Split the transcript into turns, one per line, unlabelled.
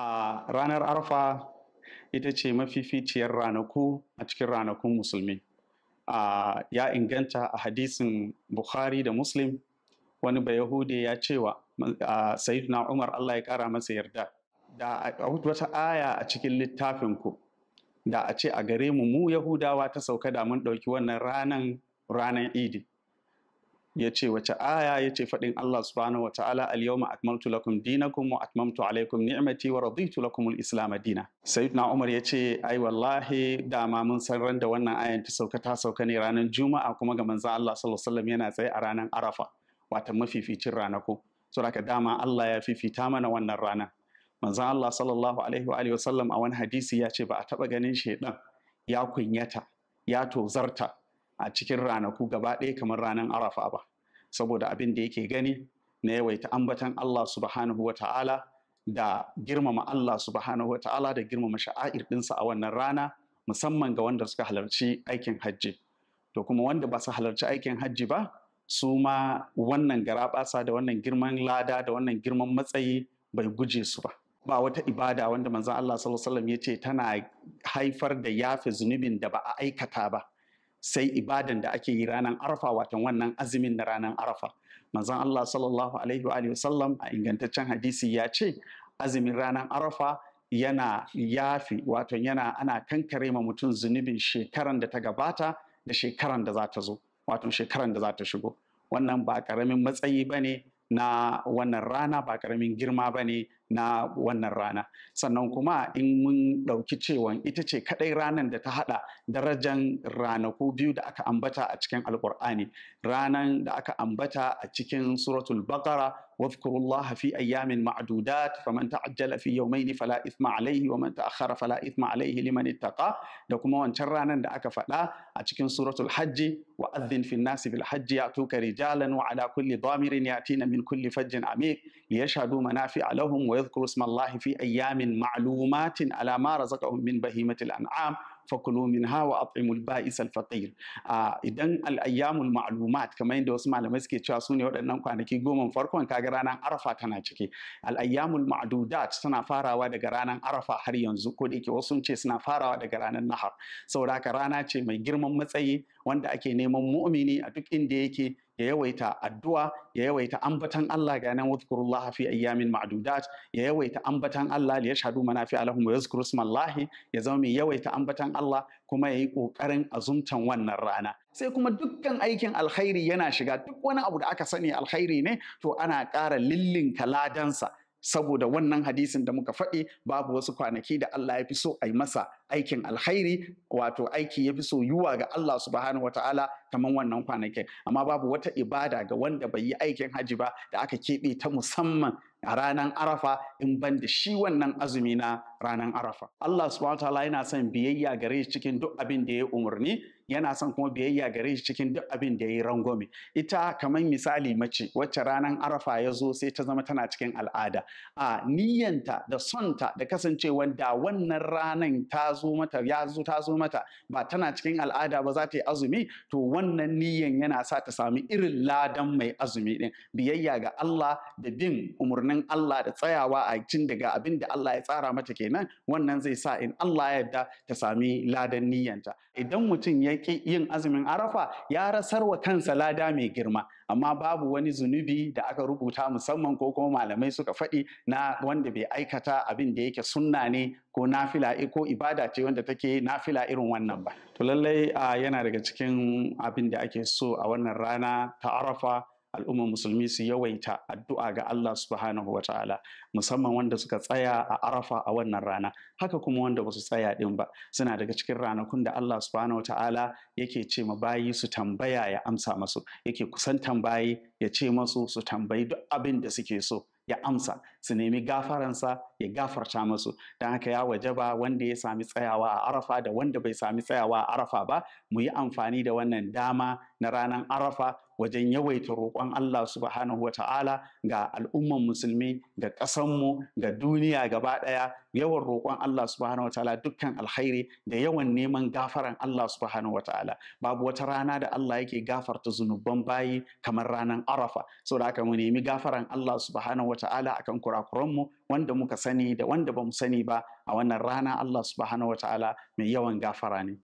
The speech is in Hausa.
a ranar arfa ita ce mafificiyar ranaku a cikin ranakun musulmi ya inganta a hadisin bukhari da muslim wani Yahudi ya cewa sayyidina umar allah ya kara masa yarda da wata aya a cikin littafinku da a ce a gare mu mu yahudawa ta sauka da mun ɗauki wannan ranan ranan idi ya ce wace aya ya ce faɗin Allah subhanahu wa ta'ala al-yawma akmaltu lakum dinakum wa atmamtu alaikum ni'mati wa raditu lakum al-islam dina sayyidina Umar ya ce ai wallahi dama mun san ran da wannan ayan ta sauka ta sauka ne ranar juma'a kuma ga manzon Allah sallallahu alaihi wasallam yana tsaye a ranar Arafa wata mafificin ranako so haka dama Allah ya fifita mana wannan rana manzon Allah sallallahu alaihi wa alihi wasallam a wani hadisi ya ce ba a taba ganin shedan ya kunyata ya tozarta a cikin ranaku gaba ɗaya kamar ranar arafa ba saboda abin da yake gani na yawaita ambatan Allah subhanahu wa ta'ala da girmama Allah subhanahu wa ta'ala da girmama sha'air ɗinsa a wannan rana musamman ga wanda suka halarci aikin hajji to kuma wanda ba su halarci aikin hajji ba su ma wannan garaɓasa da wannan girman lada da wannan girman matsayi bai guje su ba ba wata ibada wanda manzon Allah sallallahu alaihi wasallam ya ce tana haifar da yafe zunubin da ba a aikata ba sai ibadan da ake yi ranar arafa watan wannan azumin na ranar arafa manzon Allah sallallahu alaihi wa wasallam a ingantaccen hadisi ya ce azumin ranar arafa yana yafi wato yana ana kankare ma mutum zunubin shekaran da ta gabata da shekaran da za ta zo wato shekaran da za ta shigo wannan ba karamin matsayi ba na wannan rana ba karamin girma bane na wannan rana sannan kuma in mun ɗauki cewa ita ce kaɗai ranar da ta haɗa darajan ranaku biyu da aka ambata a cikin alƙur'ani ranar da aka ambata a cikin suratul baqara واذكروا الله في أيام معدودات فمن تعجل في يومين فلا إثم عليه ومن تأخر فلا إثم عليه لمن اتقى دكما وانشرانا دعك فلا أتكن سورة الحج وأذن في الناس بالحج يأتوك رجالا وعلى كل ضامر يأتين من كل فج عميق ليشهدوا منافع لهم ويذكروا اسم الله في أيام معلومات على ما رزقهم من بهيمة الأنعام fakulu min idan al-ayyamul ma'lumat kamar yadda wasu malamai suke cewa su ne waɗannan kwanaki goma farkon kaga ranar arafa tana ciki al-ayyamul ma'dudat tana farawa daga ranar arafa har yanzu ko da yake wasu ce suna farawa daga ranar nahar saboda haka rana ce mai girman matsayi wanda ake neman mu'mini a duk inda yake ya yawaita addu'a ya yawaita ambatan Allah ga nan wadhkurullah fi ayyamin ma'dudat ya yawaita ambatan Allah li yashhadu manafi alahum wa yadhkuru smallahi ya zama mai yawaita ambatan Allah kuma yayi kokarin azumtan wannan rana sai kuma dukkan aikin alkhairi yana shiga duk wani abu da aka sani alkhairi ne to ana ƙara lillin kaladansa saboda wannan hadisin da muka faɗi babu wasu kwanaki da Allah ya fi so a yi masa aikin alkhairi wato aiki ya fi so yiwa ga Allah subhanahu wata'ala kamar wannan kwanakin amma babu wata ibada ga wanda bai yi aikin haji ba da aka keɓe ta musamman a ranar arafa in ban da shi wannan azumi na ranar arafa Allah subhanahu yana son biyayya gare shi cikin duk abin da ya umarni yana son kuma biyayya gare shi cikin duk abin da ya yi rangwame ita kamar misali mace wacce ranar arafa ya zo sai ta zama tana cikin al'ada a niyyanta da sonta da kasancewa da wannan ranar ta zo mata ya zo ta zo mata ba tana cikin al'ada ba za ta yi azumi to wannan niyyan yana sa ta sami irin ladan mai azumi din biyayya ga Allah da bin umarni umarnin Allah da tsayawa a cin daga abin da Allah ya tsara mata kenan wannan zai sa in Allah ya yarda ta sami ladan niyyanta idan mutum ya ki yin azumin arafa ya rasarwa kansa lada mai girma amma babu wani zunubi da aka rubuta musamman ko kuma malamai suka faɗi na wanda bai aikata abin da yake sunna ne ko nafila eh, ko ibada ce wanda take nafila irin wannan ba to lallai ah, yana daga cikin abin da ake so a wannan rana ta arafa al'ummar musulmi su yawaita addu'a ga Allah subhanahu wa ta'ala musamman wanda suka tsaya a arafa a wannan rana haka kuma wanda ba su tsaya din ba suna daga cikin ranakun da Allah subhanahu wa ta'ala yake ce ma bayi su tambaya ya amsa masu yake kusan tambayi ya ce masu su tambayi duk abin da suke so ya amsa su nemi gafaransa ya gafarta masu. don haka ya waje ba wanda ya sami tsayawa a arafa da wanda bai sami tsayawa a arafa ba mu yi amfani da wannan dama na ranar arafa wajen yawaita roƙon Allah subhanahu wa ta'ala ga al'umman musulmi ga ƙasanmu ga duniya gaba ɗaya yawan roƙon Allah subhanahu wa ta'ala dukkan alkhairi da yawan neman gafaran Allah subhanahu wa ta'ala babu wata rana da Allah yake gafarta zunuban bayi kamar ranar arafa saboda haka mu nemi gafaran Allah subhanahu wa ta'ala akan kurakuranmu wanda muka sani da wanda ba mu sani ba a wannan rana Allah subhanahu wa ta'ala mai yawan gafara ne